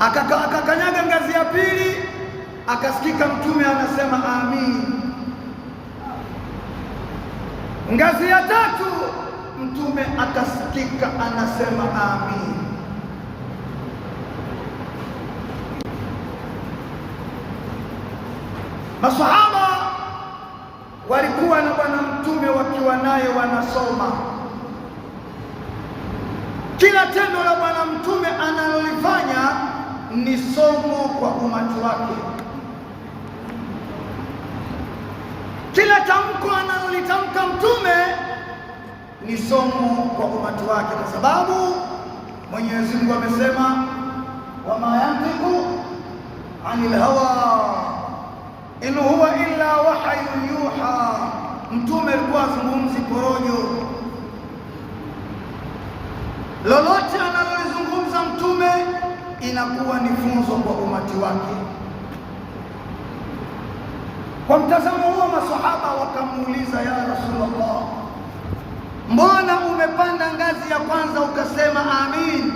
akakanyaga ngazi ya pili, akasikika mtume anasema amin. Ngazi ya tatu mtume akasikika anasema amin. Masahaba walikuwa na bwana mtume wakiwa naye wanasoma kila tendo la bwana mtume analolifanya ni somo kwa umati wake. Kila tamko analolitamka Mtume ni somo kwa umati wake, kwa sababu Mwenyezi Mungu amesema, wama yantiku anil hawa in huwa illa wahyun yuha. Mtume alikuwa azungumzi porojo, lolote analolizungumza Mtume inakuwa ni funzo kwa umati wake. Kwa mtazamo huo, masahaba wakamuuliza, ya Rasulullah, mbona umepanda ngazi ya kwanza ukasema amin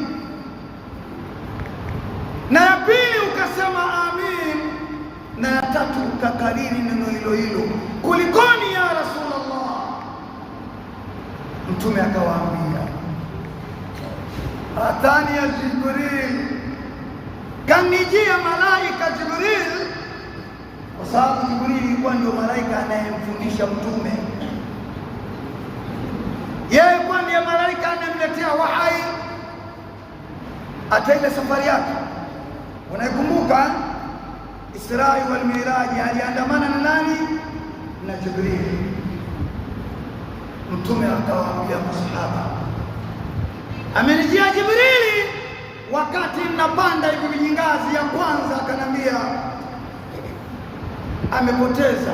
na ya pili ukasema amin na ya tatu ukakariri neno hilo hilo, kulikoni ya Rasulullah? Mtume akawaambia, atani ya Jibril kanijia malaika Jibril, kwa sababu Jibril ilikuwa ndio malaika anayemfundisha mtume. Yeye kwa ndiye malaika anayemletea wahai. Hata ile safari yake unaikumbuka, Israi wal Miraji, aliandamana na nani? Na Jibril. Mtume akawaambia masahaba, amenijia Jibrili wakati mnapanda hivi vijingazi, ya kwanza akanambia amepoteza,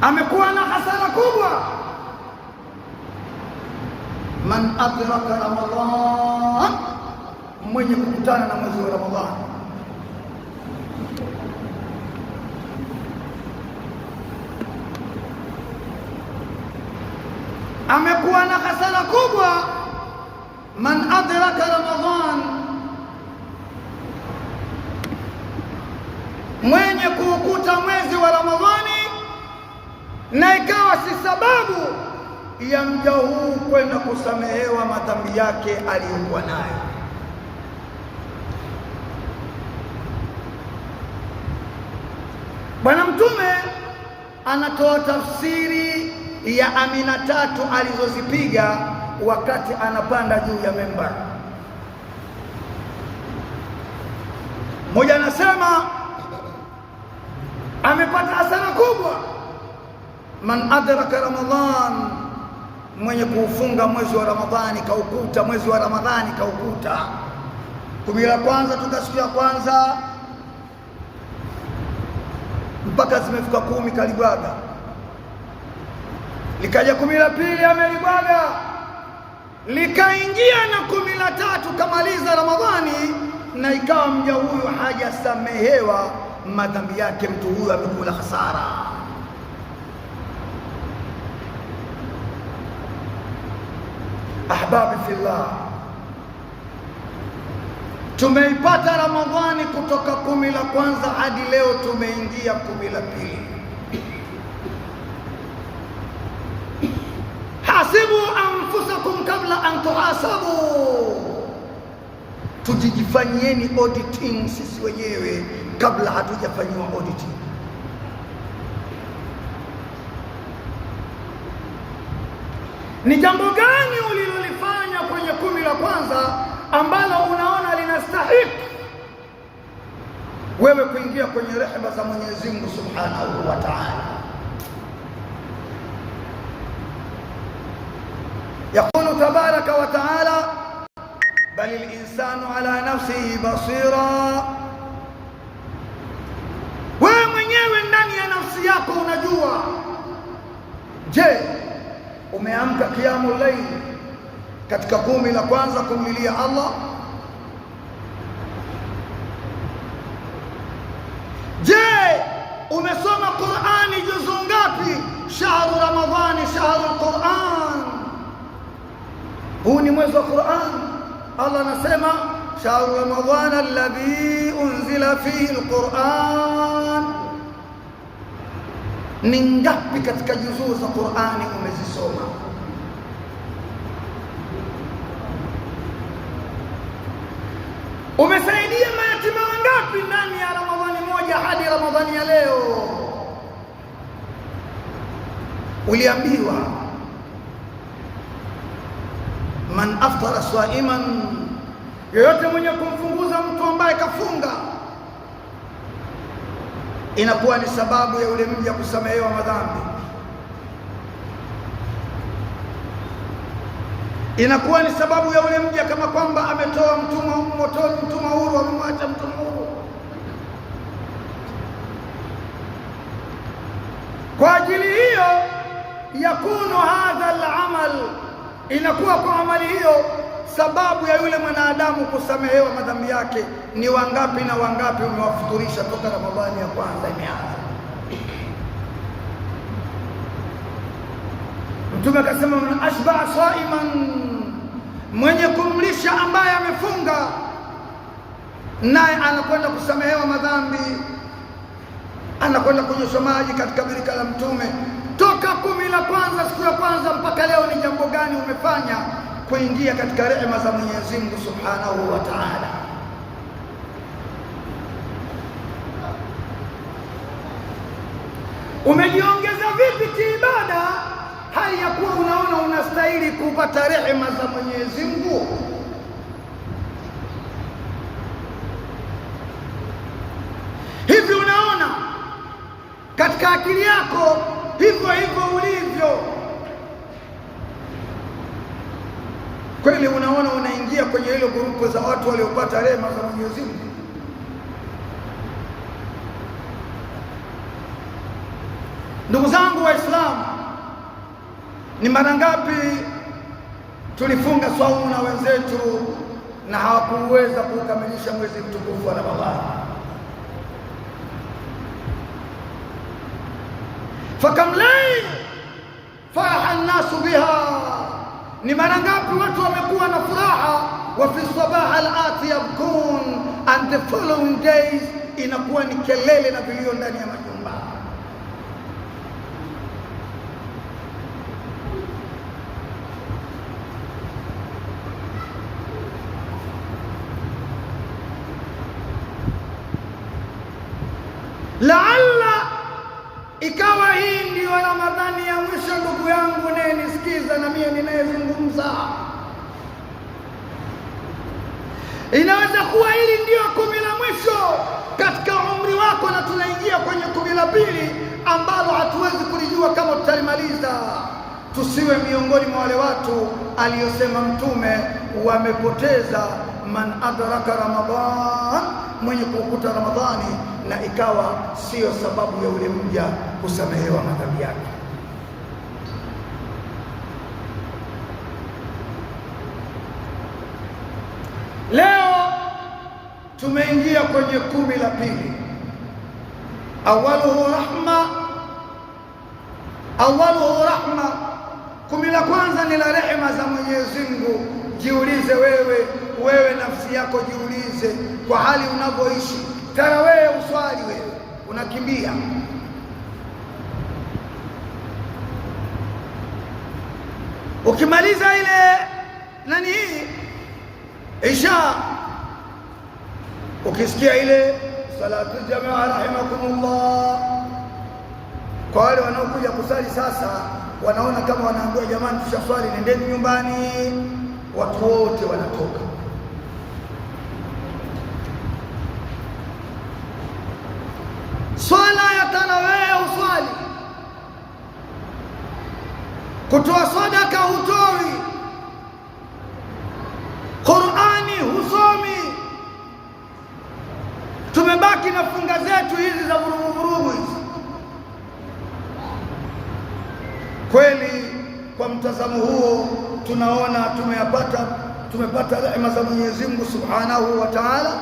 amekuwa na hasara kubwa. Man adraka Ramadhan, mwenye kukutana na mwezi wa Ramadhani kuwa na hasara kubwa man adraka Ramadhan, mwenye kuukuta mwezi wa Ramadhani na ikawa si sababu ya mja huu kwenda kusamehewa madhambi yake aliyokuwa nayo. Bwana Mtume anatoa tafsiri ya amina tatu alizozipiga wakati anapanda juu ya memba. Mmoja anasema amepata hasara kubwa, man adraka Ramadhan, mwenye kuufunga mwezi wa Ramadhani kaukuta, mwezi wa Ramadhani kaukuta, kumi la kwanza toka siku ya kwanza mpaka zimefika kumi, kalibaga likaja kumi la pili amelibwaga, likaingia na kumi la tatu kamaliza Ramadhani, na ikawa mja huyu hajasamehewa madhambi yake. Mtu huyu amekula hasara. Ahbabi fillah, tumeipata Ramadhani kutoka kumi la kwanza hadi leo tumeingia kumi la pili. antuhasabu, tujijifanyieni auditing sisi wenyewe kabla hatujafanyiwa auditing. Ni jambo gani ulilolifanya kwenye kumi la kwanza ambalo unaona linastahiki wewe kuingia kwenye rehema za Mwenyezi Mungu Subhanahu wa Ta'ala? Yaqulu tabaraka wa taala, bal linsanu ala nafsihi basira. Wewe mwenyewe ndani ya nafsi yako unajua. Je, umeamka qiyamu layl katika kumi la kwanza kumlilia Allah? Je, umesoma Qur'ani juzu ngapi? shahru Huu ni mwezi wa Qur'an. Allah anasema shahru ramadhan alladhi unzila fihi alquran. Ni ngapi katika juzuu za Qur'ani umezisoma? Umesaidia mayatima wangapi ndani ya Ramadhani moja hadi Ramadhani ya leo? Uliambiwa man aftara saiman, yoyote mwenye kumfunguza mtu ambaye kafunga, inakuwa ni sababu ya yule mja kusamehewa madhambi, inakuwa ni sababu ya yule mja kama kwamba ametoa mtumwa motoni, mtumwa huru, amemwacha mtumwa huru kwa ajili hiyo yakunu hadha al-amal Inakuwa kwa amali hiyo sababu ya yule mwanadamu kusamehewa madhambi yake. Ni wangapi na wangapi umewafuturisha toka Ramadhani ya kwanza imeanza? Mtume akasema, man ashbaa saiman, mwenye kumlisha ambaye amefunga naye anakwenda kusamehewa madhambi, anakwenda kunyeshwa maji katika birika la Mtume toka kumi la kwanza siku ya kwanza mpaka leo, ni jambo gani umefanya kuingia katika rehema za Mwenyezi Mungu Subhanahu wa Ta'ala? Umejiongeza vipi kiibada, hali ya kuwa unaona unastahili kupata rehema za Mwenyezi Mungu? Hivi unaona katika akili yako ndivyo hivyo ulivyo. Kweli unaona unaingia kwenye hilo grupu za watu waliopata rehema za Mwenyezi Mungu. Ndugu zangu Waislamu, ni mara ngapi tulifunga swaumu na wenzetu na hawakuweza kukamilisha mwezi mtukufu wa Ramadhani? fakamlai faraha nnasu biha. Ni mara ngapi watu wamekuwa na furaha? wa fi sabah alati yabkun, and the following days inakuwa ni kelele na vilio ndani ya maji maneno na mimi ninayezungumza. Inaweza kuwa hili ndiyo kumi la mwisho katika umri wako, na tunaingia kwenye kumi la pili ambalo hatuwezi kulijua kama tutalimaliza. Tusiwe miongoni mwa wale watu aliyosema Mtume wamepoteza man adraka Ramadhan, mwenye kukuta Ramadhani na ikawa siyo sababu ya ule mja kusamehewa madhambi yake. Tumeingia kwenye kumi la pili, awaluhu rahma, awaluhu rahma. Kumi la kwanza ni la rehema za Mwenyezi Mungu. Jiulize wewe, wewe nafsi yako, jiulize kwa hali unavyoishi. Tara wewe uswali, wewe unakimbia ukimaliza ile nani hii isha Ukisikia ile salatu jamaa rahimakumullah, kwa wale wanaokuja kusali sasa wanaona kama wanaambiwa jamani, tushaswali nendeni nyumbani, watu wote wanatoka. Swala ya tarawih uswali, kutoa sadaka hutoi tunabaki na funga zetu hizi za vuruguvurugu hizi. Kweli kwa mtazamo huo tunaona tumeyapata, tumepata rehema za Mwenyezi Mungu Subhanahu wa Ta'ala.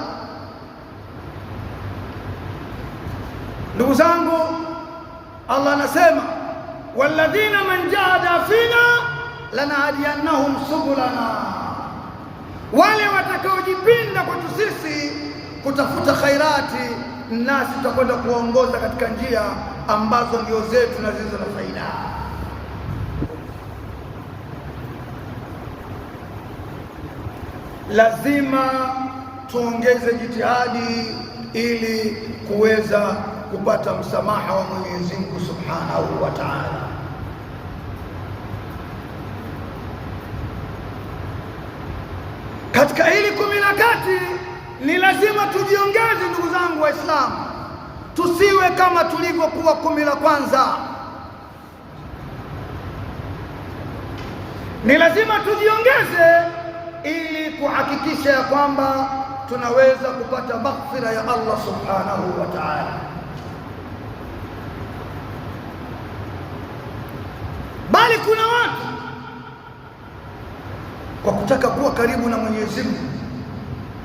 Ndugu zangu, Allah anasema walladhina man jahada fina lanahdiyannahum subulana, wale watakaojipinda kwetu sisi kutafuta khairati, nasi tutakwenda kuongoza katika njia ambazo ndio zetu na zilizo na faida. Lazima tuongeze jitihadi ili kuweza kupata msamaha wa Mwenyezi Mungu Subhanahu wa Ta'ala. Katika hili kumi na kati ni lazima tujiongeze, ndugu zangu Waislamu, tusiwe kama tulivyokuwa kumi la kwanza. Ni lazima tujiongeze ili kuhakikisha ya kwamba tunaweza kupata maghfira ya Allah subhanahu wa ta'ala. Bali kuna watu kwa kutaka kuwa karibu na Mwenyezi Mungu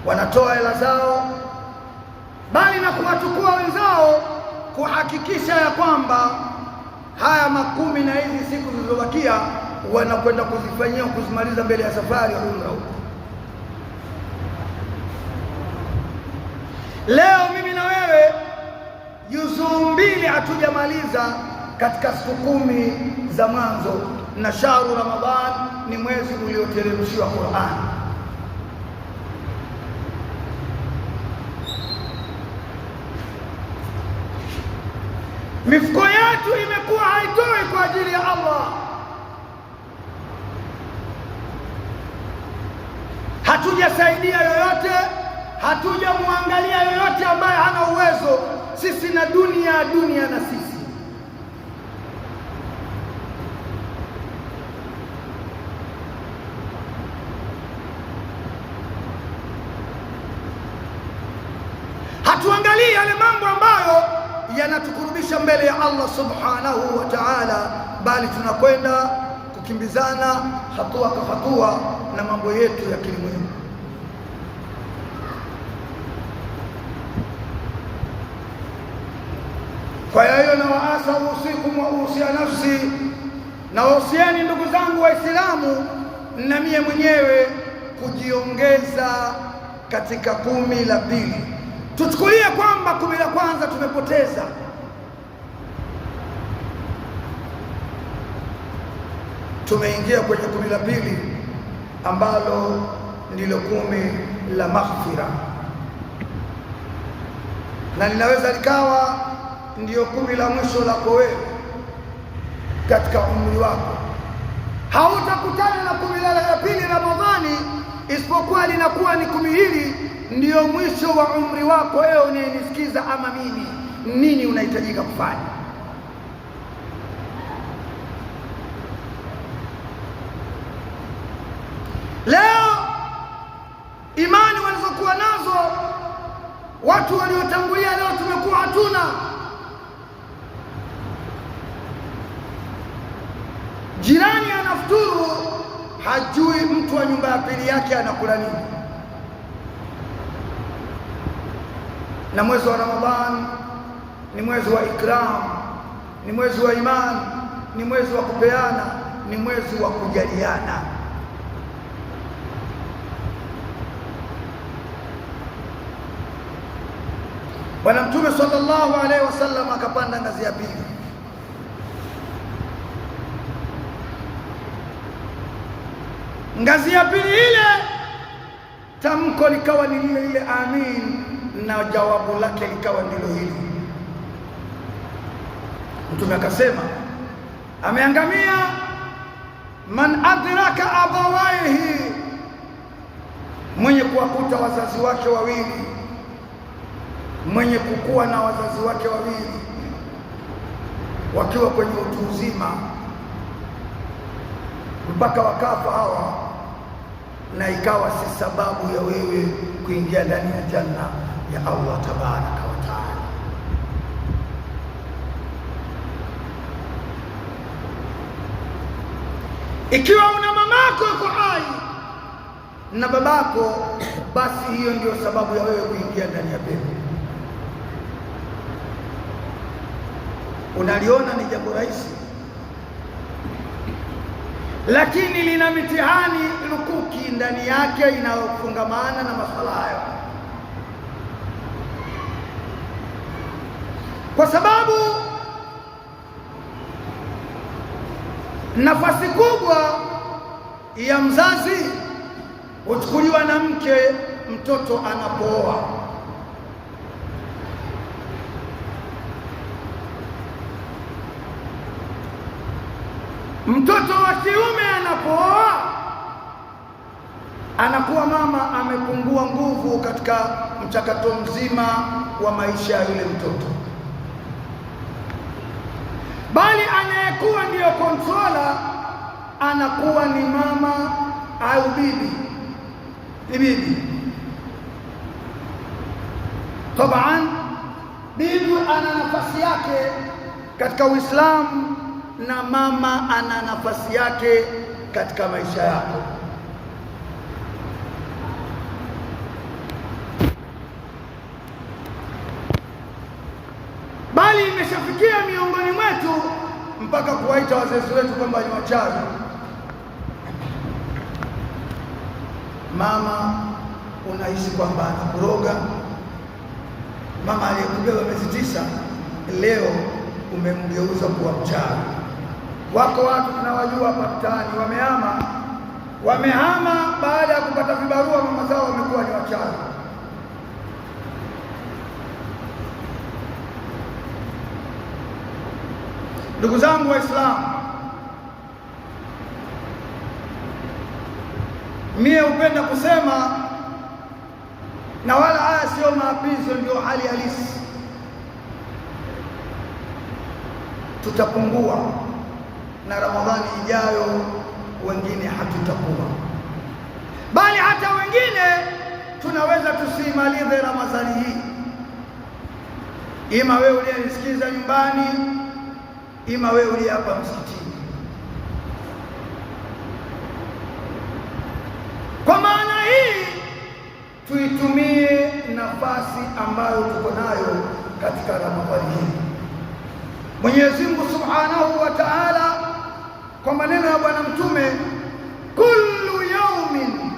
wanatoa hela zao, bali na kuwatukua wenzao, kuhakikisha ya kwamba haya makumi na hizi siku zilizobakia wanakwenda kuzifanyia kuzimaliza mbele ya safari ya umra huko. Leo mimi na wewe juzuu mbili hatujamaliza katika siku kumi za mwanzo, na shahru Ramadhan ni mwezi ulioteremshiwa qurani Mifuko yetu imekuwa haitoi kwa ajili ya Allah, hatujasaidia yoyote, hatujamwangalia yoyote ambaye hana uwezo. Sisi na dunia, dunia na sisi subhanahu wa ta'ala, bali tunakwenda kukimbizana hatua kwa hatua na mambo yetu ya kilimwengu. Kwa hiyo na waasa usiku wa usia nafsi, na wausieni ndugu zangu Waislamu na mie mwenyewe kujiongeza katika kumi la pili. Tuchukulie kwamba kumi la kwanza tumepoteza tumeingia kwenye kumi la pili ambalo ndilo kumi la maghfira, na linaweza likawa ndiyo kumi la mwisho lako wewe katika umri wako. Hautakutana na kumi la pili Ramadhani, isipokuwa linakuwa ni kumi hili ndiyo mwisho wa umri wako. Wewe unayenisikiza ama mimi, nini unahitajika kufanya? Watu waliotangulia leo tumekuwa hatuna. Jirani anafuturu, hajui mtu wa nyumba ya pili yake anakula nini. Na mwezi wa Ramadhani ni mwezi wa ikram, ni mwezi wa imani, ni mwezi wa kupeana, ni mwezi wa kujaliana. Bwana Mtume sallallahu alaihi wasallam akapanda ngazi ya pili. Ngazi ya pili ile tamko likawa ni lile lile, amin, na jawabu lake likawa ndilo hili. Mtume akasema ameangamia man adraka abawaihi, mwenye kuwakuta wazazi wake wawili mwenye kukua na wazazi wake wawili wakiwa kwenye utu uzima mpaka wakafa hawa, na ikawa si sababu ya wewe kuingia ndani ya janna ya Allah tabaraka wa taala. Ikiwa una mamako yuko hai na babako, basi hiyo ndio sababu ya wewe kuingia ndani ya pepo. unaliona ni jambo rahisi, lakini lina mitihani lukuki ndani yake inayofungamana na masuala hayo, kwa sababu nafasi kubwa ya mzazi huchukuliwa na mke mtoto anapooa. Mtoto wa kiume anapooa anakuwa mama amepungua nguvu katika mchakato mzima wa maisha ya yule mtoto, bali anayekuwa ndiyo kontrola anakuwa ni mama au bibi. Ni bibi taban, bibi ana nafasi yake katika Uislamu na mama ana nafasi yake katika maisha yako. Bali imeshafikia miongoni mwetu mpaka kuwaita wazazi wetu kwamba ni wachawi. Mama unahisi kwamba anakuroga. Mama aliyekubeba miezi tisa leo umemgeuza kuwa mchawi. Wako watu tunawajua hapa mtaani wamehama, wamehama baada ya kupata vibarua, mama zao wamekuwa ni wachawi. Ndugu zangu Waislamu, mie hupenda kusema na wala haya siyo maapizo, ndio hali halisi, tutapungua na Ramadhani ijayo wengine hatutakuwa, bali hata wengine tunaweza tusimalize Ramadhani hii, ima wewe uliyesikiza nyumbani, ima wewe uliye hapa msikitini. Kwa maana hii tuitumie nafasi ambayo tuko nayo katika Ramadhani hii. Mwenyezi Mungu Subhanahu wa Ta'ala kwa maneno ya Bwana Mtume, kullu yaumin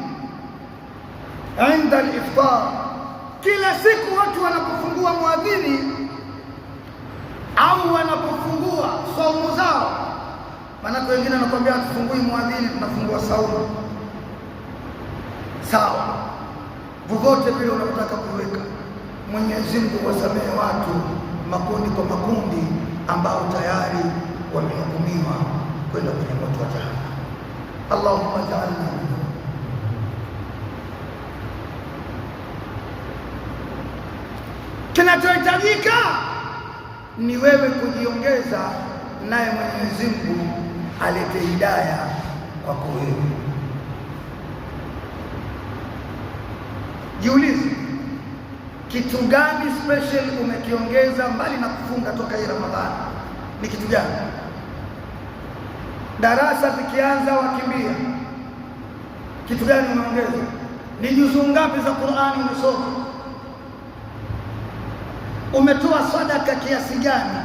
inda al-iftar, kila siku watu wanapofungua mwadhini au wanapofungua saumu zao. Maanake wengine wanakuambia hatufungui mwadhini, tunafungua saumu. Sawa, vyovyote vile unataka kuweka. Mwenyezi Mungu wasamehe watu makundi kwa makundi ambao tayari wamehukumiwa kwenda kwenye moto wa jahanna. Allahumma ja'alna Kinachohitajika ni wewe kujiongeza, naye Mwenyezi Mungu alete hidaya kwako wewe. Jiulize kitu gani special umekiongeza mbali na kufunga toka hii Ramadhani, ni kitu gani? Darasa zikianza wakimbia. Kitu gani unaongeza? Ni juzuu ngapi za Qur'ani umesoma? Umetoa sadaka kiasi gani?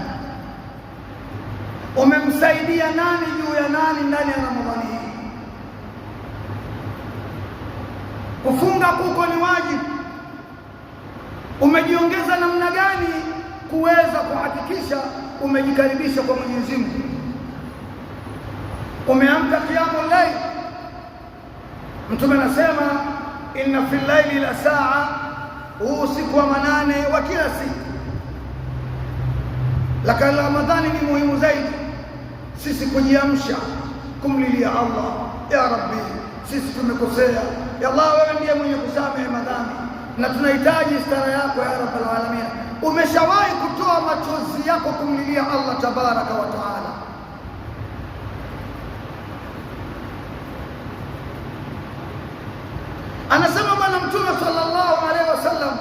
Umemsaidia nani juu ya nani ndani ya Ramadhani hii? Kufunga kuko ni wajibu. Umejiongeza namna gani kuweza kuhakikisha umejikaribisha kwa Mwenyezi Mungu? umeamka kiamu laili. Mtume anasema inna fi llaili la saa, huu usiku wa manane wa kila siku. Lakini Ramadhani ni muhimu zaidi sisi kujiamsha kumlilia Allah, ya Rabbi, sisi tumekosea, ya Allah, wewe ndiye mwenye kusamehe madhambi na tunahitaji stara yako ya rabbal alamin. Umeshawahi kutoa machozi yako kumlilia Allah tabaraka wa taala Anasema Bwana Mtume sallallahu alaihi wasallam,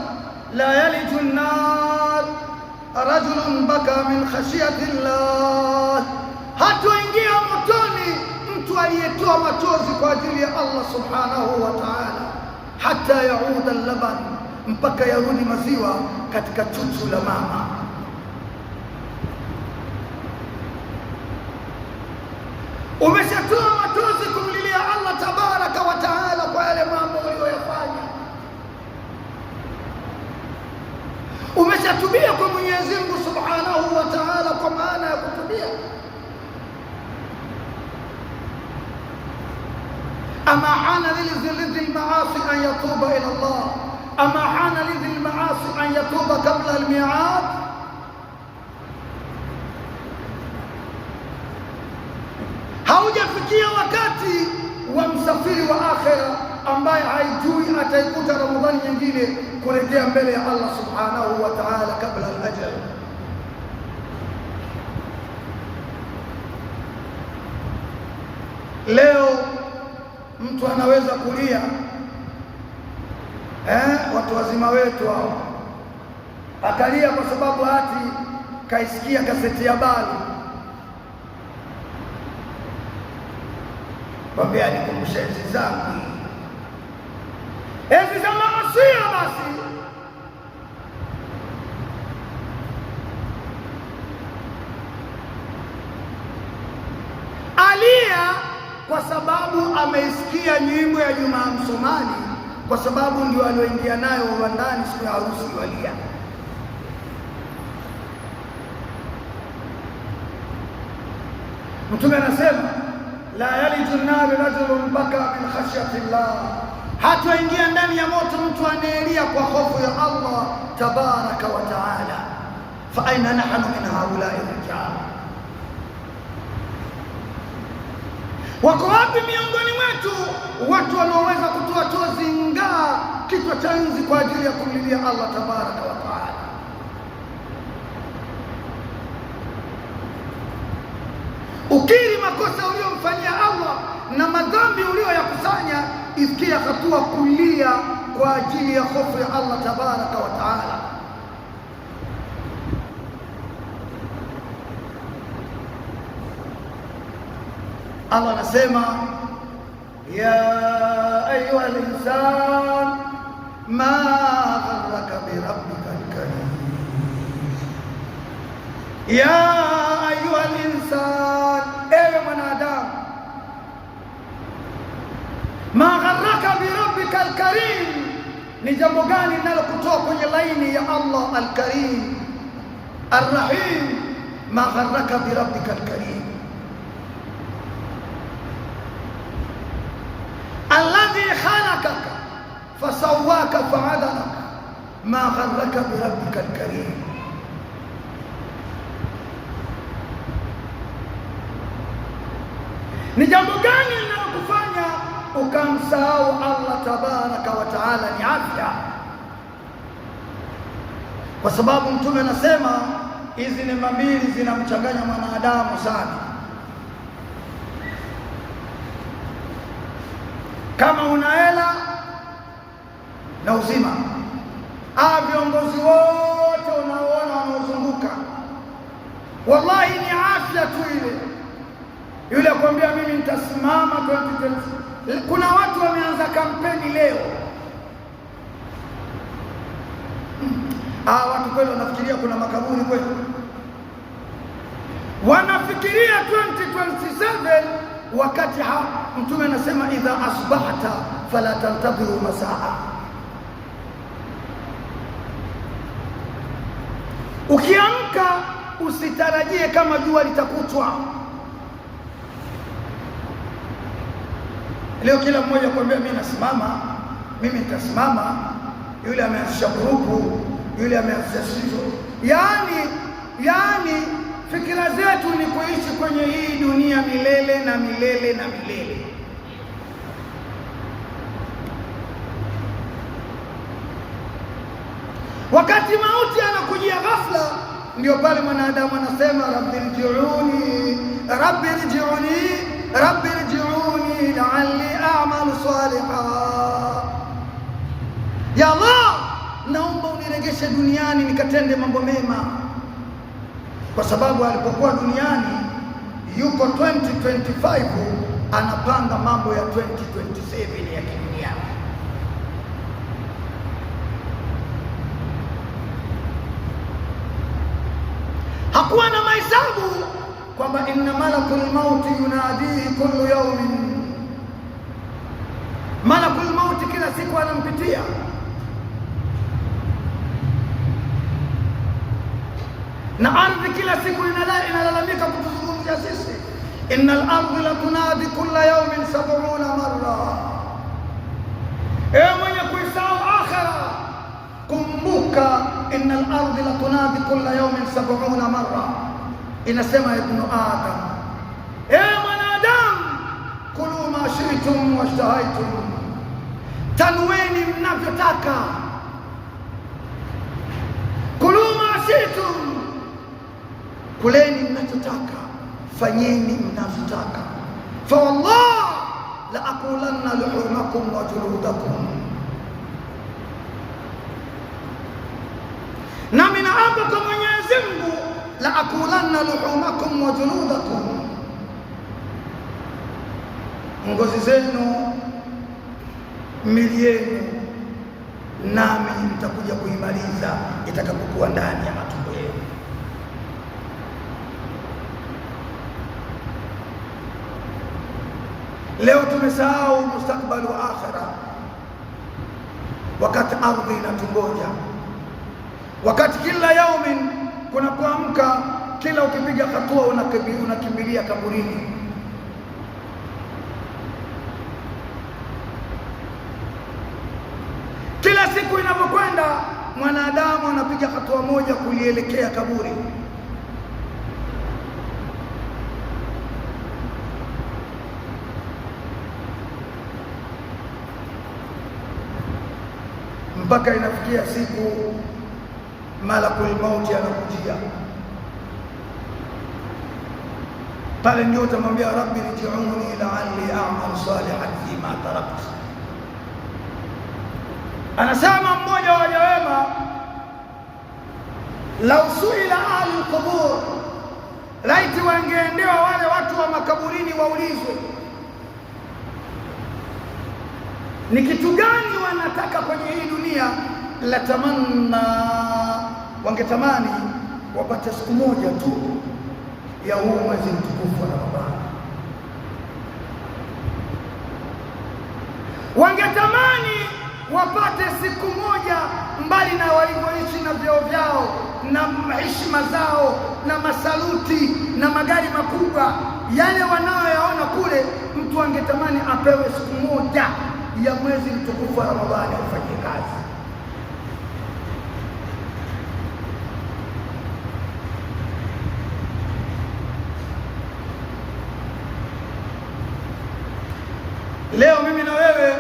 la yaliju nnar rajulun baka min khashyati llah, hatoingia motoni mtu aliyetoa machozi kwa ajili ya Allah subhanahu wa ta'ala, hata yauda llaban mpaka yarudi maziwa katika chuchu la mama. Umeshatoa machozi akatubia kwa Mwenyezi Mungu Subhanahu wa Ta'ala, kwa maana ya kutubia. ama hana lidhi maasi an yatuba ila Allah, ama hana lidhi maasi an yatuba kabla almiad. Haujafikia wakati wa msafiri wa akhira ambaye haijui ataikuta Ramadhani nyingine kurejea mbele ya Allah subhanahu wa ta'ala kabla al-ajal. Leo mtu anaweza kulia eh, watu wazima wetu hao akalia kwa sababu hati kaisikia gazeti ya bali kwambia, nikumbusha zangu Enzi za mamasia basi, alia kwa sababu ameisikia nyimbo ya Juma Msomali, kwa sababu ndio alioingia nayo wandani siku ya harusi, walia Mtume anasema la yaliju rajulun baka min khashyati llah hataingia ndani ya moto mtu anaelia kwa hofu ya Allah tabaraka wa taala. Fa aina nahnu min haulai rijal, wako wapi miongoni mwetu watu wanaoweza kutoa tozi ngaa kichwa cha nzi kwa ajili ya kumlilia Allah tabaraka wa taala? Ukiri makosa uliyomfanyia Allah na madhambi uliyoyakusanya ifikia hatua kulia kwa ajili ya hofu ya Allah tabaraka wa taala. Allah anasema ya ayuha linsan ma gharraka birabbika lkarim, ya ayuha linsan ma gharraka birabbika alkarim, ni jambo gani linalokutoa kwenye laini ya Allah alkarim arrahim? Ma gharraka birabbika alkarim alladhi khalaqaka fasawwaka faadalaka, ma gharraka birabbika alkarim ni jambo gani ukamsahau Allah tabaraka wa taala ni afya, kwa sababu mtume anasema hizi neema mbili zinamchanganya mwanadamu sana. Kama una hela na uzima, aa, viongozi wote unaoona wanaozunguka, wallahi ni afya tu ile yule, akwambia mimi nitasimama 2020 kuna watu wameanza kampeni leo. Hmm. Ah, watu kweli wanafikiria kuna makaburi kweli, wanafikiria 2027 wakati ha Mtume anasema idha asbahta fala tantadhiru masaa. Ukiamka usitarajie kama jua litakutwa. Leo kila mmoja kuambia mimi nasimama, mimi nitasimama, yule ameanzisha grupu, yule ameanzisha sizo. Yaani, yaani fikira zetu ni kuishi kwenye hii dunia milele na milele na milele. Wakati mauti anakujia ghafla, ndio pale mwanadamu anasema rabbi rjiuni, rabbi rjiuni, rabbi rjiuni rabbi la'alli a'malu salihan. Ya Allah, naomba uniregeshe duniani nikatende mambo mema, kwa sababu alipokuwa duniani yuko 2025 anapanga mambo ya 2027 ya kidunia. Hakuwa na mahesabu kwamba inna malakul mauti yunadihi kullu yawmin Malakul mauti kila siku anampitia. Na ardhi kila siku inalalamika kutuzungumzia sisi. Inna al-ardhi la tunadi kulla yawmin sab'una marra. Ewe mwenye kuisahau akhira, kumbuka inna al-ardhi la tunadi kulla yawmin sab'una marra. Inasema Ibnu Adam, ewe mwanadamu, kulu ma shi'tum washtahaitum tanueni mnavyotaka. Kuluma situ kuleni mnachotaka, fanyeni mnavyotaka. Fa wallah la akulanna luhumakum wa juludakum, nami naapa kwa Mwenyezi Mungu, la akulanna luhumakum wa juludakum, ngozi zenu mili yenu, nami nitakuja kuimaliza itakapokuwa ndani ya matumbo yenu. Leo tumesahau mustakbali wa akhira, wakati ardhi inatungoja, wakati kila yaumin kuna kuamka, kila ukipiga hatua unakimbilia kaburini mwanadamu anapiga hatua moja kulielekea kaburi. mpaka inafikia siku malakul mauti anakujia pale, ndio utamwambia rabbi rjiuni la'alli a'mal salihan fima tarakt. Anasema lau suila ahli lqubur, laiti wangeendewa wale watu wa makaburini waulizwe ni kitu gani wanataka kwenye hii dunia, latamanna, wangetamani wapate siku moja tu ya huu mwezi mtukufu wa Ramadhani, wangetamani wapate siku moja mbali na walivyoishi na vyao vyao na heshima zao na masaluti na magari makubwa yale wanayoyaona kule, mtu angetamani apewe siku moja ya mwezi mtukufu wa Ramadhani ufanye kazi. Leo mimi na wewe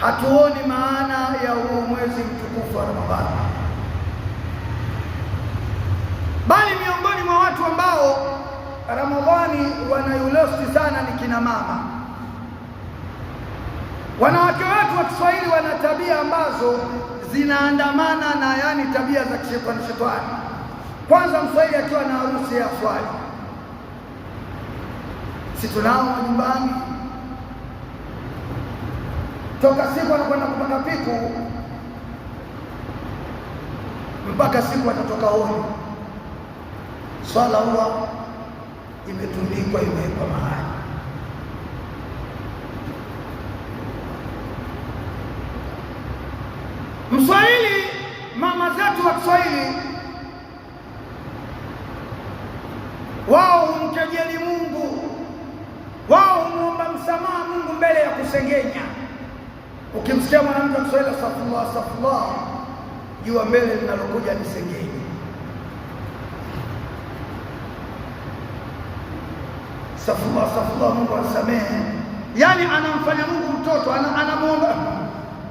hatuoni maana ya huo mwezi mtukufu wa Ramadhani bali miongoni mwa watu ambao Ramadhani wanayulosi sana ni kina mama. Wanawake wetu wa Kiswahili wana tabia ambazo zinaandamana na yani tabia za kishetani shetani. Kwanza, Mswahili akiwa na harusi ya swali, si tunao nyumbani, toka siku anakwenda kupata piku mpaka siku atatoka honi Swala huwa imetundikwa imewekwa mahali. Mswahili, mama zetu wa Kiswahili wao humkejeli Mungu, wao humwomba msamaha Mungu mbele ya kusengenya. Ukimsikia mwanamke wa Kiswahili, astaghfirullah astaghfirullah, jua mbele linalokuja ni sengenya. Astaghfirullah, astaghfirullah, Mungu amsamehe. Yaani anamfanya Mungu mtoto, anamwomba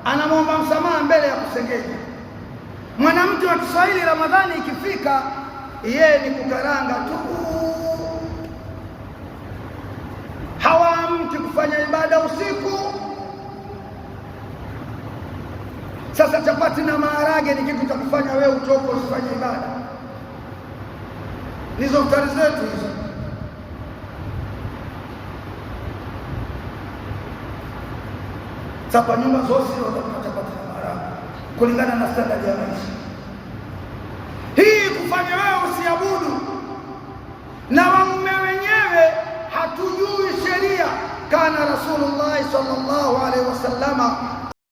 anamwomba msamaha mbele ya kusengenya. Mwanamke wa Kiswahili Ramadhani ikifika, yeye ni kukaranga tu, hawaamki kufanya ibada usiku. Sasa chapati na maharage ni kitu cha kufanya wewe utoko usifanye ibada, nizo futari zetu hizo sapa kwa nyumba zote watapata chapati na maharage kulingana na standard ya maisha hii. Kufanya wewe usiabudu na waume wenyewe hatujui sheria. Kana Rasulullah sallallahu alaihi wasallama